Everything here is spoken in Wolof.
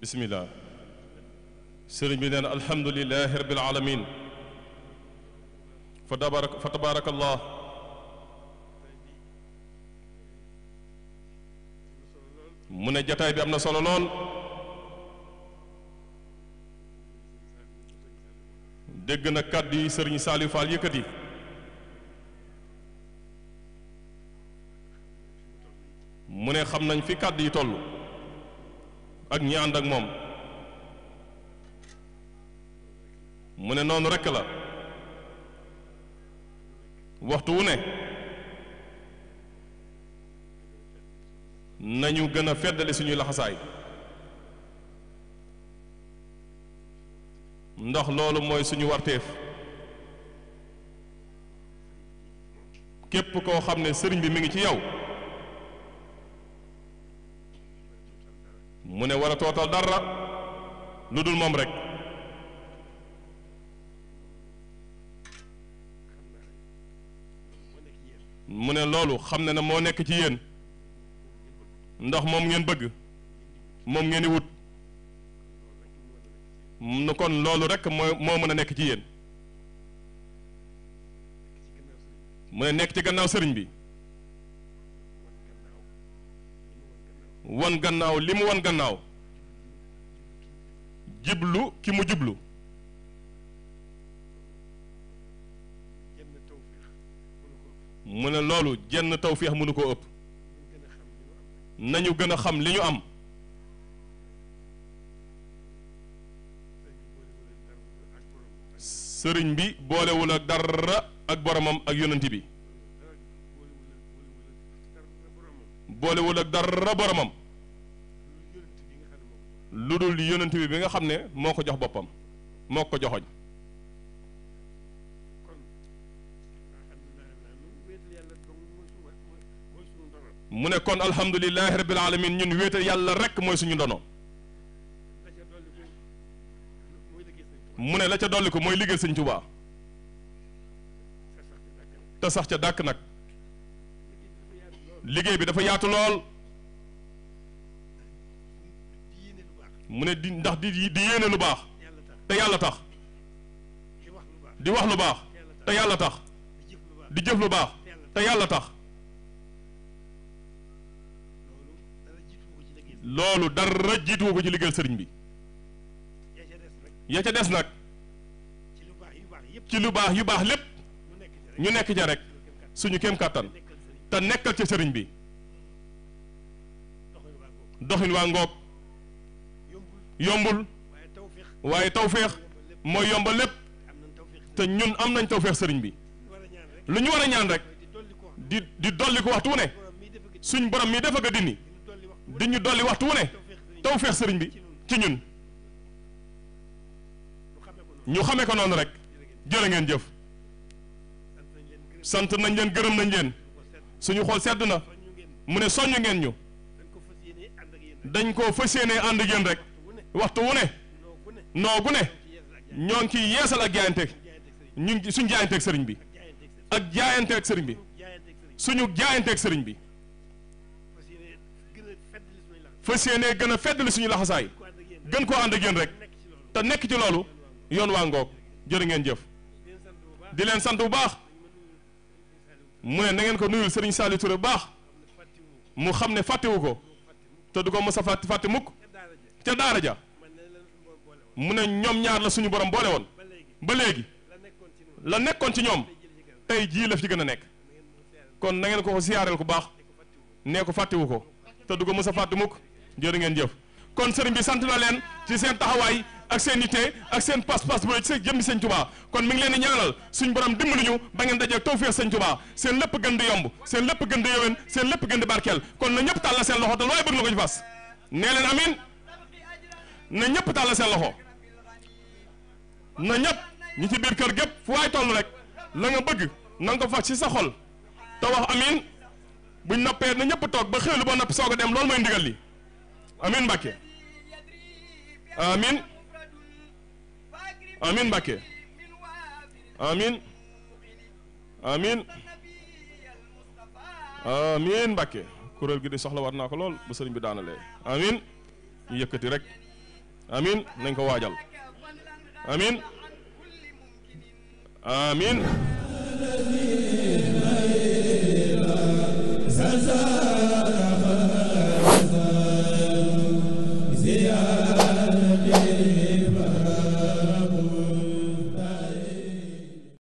bisimilah sëriñ bi neen alhamdulilahi rabil alamin fa tabarak fa tabarakallah mu ne jataay bi am na solo lool dégg na kàddu yi sëriñ Saliou Fall mu ne xam nañ fi kàddu yi toll ak ñi ànd ak moom mu ne noonu rekk la waxtu wu ne nañu gën a feddali suñuy laxasaay ndox loolu mooy suñu warteef képp koo xam ne sëriñ bi mi ngi ci yow mu ne war a tootal dara lu dul moom rek mu ne loolu xam na ne moo nekk ci yéen ndox moom ngeen bëgg moom ngeen di wut nu kon loolu rek moo moo mën a nekk ci yéen mu ne nekk ci gannaaw sëriñ bi wan gannaaw li mu wan gannaaw jiblu ki mu jiblu mu ne loolu jenn tawféex mënu koo ëpp nañu gën a xam li ñu am sëriñ bi boolewul ak dara ak boromam ak yonent bi boolewul ak dara boromam lu dul yonent bi bi nga xam ne moo ko jox boppam moo ko joxoñ mu ne kon alhamdulilahi rabbil alamin ñun wéetal yàlla rekk mooy suñu ndono mu ne la ca dolli ko mooy liggéey sëñ Tuubaa te sax ca dàkk nag liggéey bi dafa yaatu lool mu ne di ndax di di yéene lu baax te yàlla tax di wax lu baax te yàlla tax di jëf lu baax te yàlla tax loolu dara jiituwu ko ci liggéeyal sëriñ bi ya ca des nag ci lu baax yu baax lépp ñu nekk ca rek suñu kéem kàttan te nekkal ca sëriñ bi doxin waa ngoog yombul waaye tawféex mooy yomba lépp te ñun am nañ tawféex sëriñ bi lu ñu war a ñaan rek di di dolli ko waxtu wu ne suñ borom mii dafa ko dindi di ñu dolli waxtu wu ne tawféex sëriñ bi ci ñun ñu xamee ko noonu rek jërë ngeen jëf sant nañ leen gërëm nañ leen suñu xool sedd na mu ne soññ ngeen ñu dañ koo fas yéenee ànd ak rek. waxtu wu ne noo gu ne ñoo ngi ciy yeesal ak jaayante ñun suñ jaayante ak sëriñ bi ak jaayante ak sëriñ bi suñu jaayante ak sëriñ bi fas yéene gën a feddali suñu laxasaay gën koo ànd ak yéen rek te nekk ci loolu yoon waa ngoog jërë ngeen jëf di leen sant bu baax mu ne na ngeen ko nuyul sëriñ Saliou Touré bu baax mu xam ne fàttewu ko te du ko mos a fàtte fàtte mukk ca daara ja mu ne ñoom ñaar la suñu borom boole woon ba léegi la nekkoon ci ñoom tey jii la fi gën a nekk kon na ngeen ko ko siyaareel ku baax nee ko fàttewu ko te du ko mës a fàtte mukk jërë ngeen jëf kon sëriñ bi sant na leen ci seen taxawaay ak seen nité ak seen pas-pas bu ci jëmmi sëñ Touba kon mi ngi leen di ñaanal suñu borom dimbali ñu ba ngeen daje tawfeex sëñ Touba seen lépp gën di yomb seen lépp gën di yowén seen lépp gën di barkeel kon na ñëpp tàllal seen loxo te waaye bëgg na ko ci nee leen amin ñëpp tàllal seen loxo na ñëpp ñi ci biir kër gépp fu waay toll rek la bëgg na ko fa ci sa xol te wax amin buñ noppee na ñëpp toog ba xéelu ba noppi soog a dem loolu mooy ndigal li amin Mbàkke amin amin Mbàkke amin kuréel gi di soxla war naa ko lool bu sëriñ bi daanalee amin ñu yëkkati rek amin nañ ko waajal amiin amiin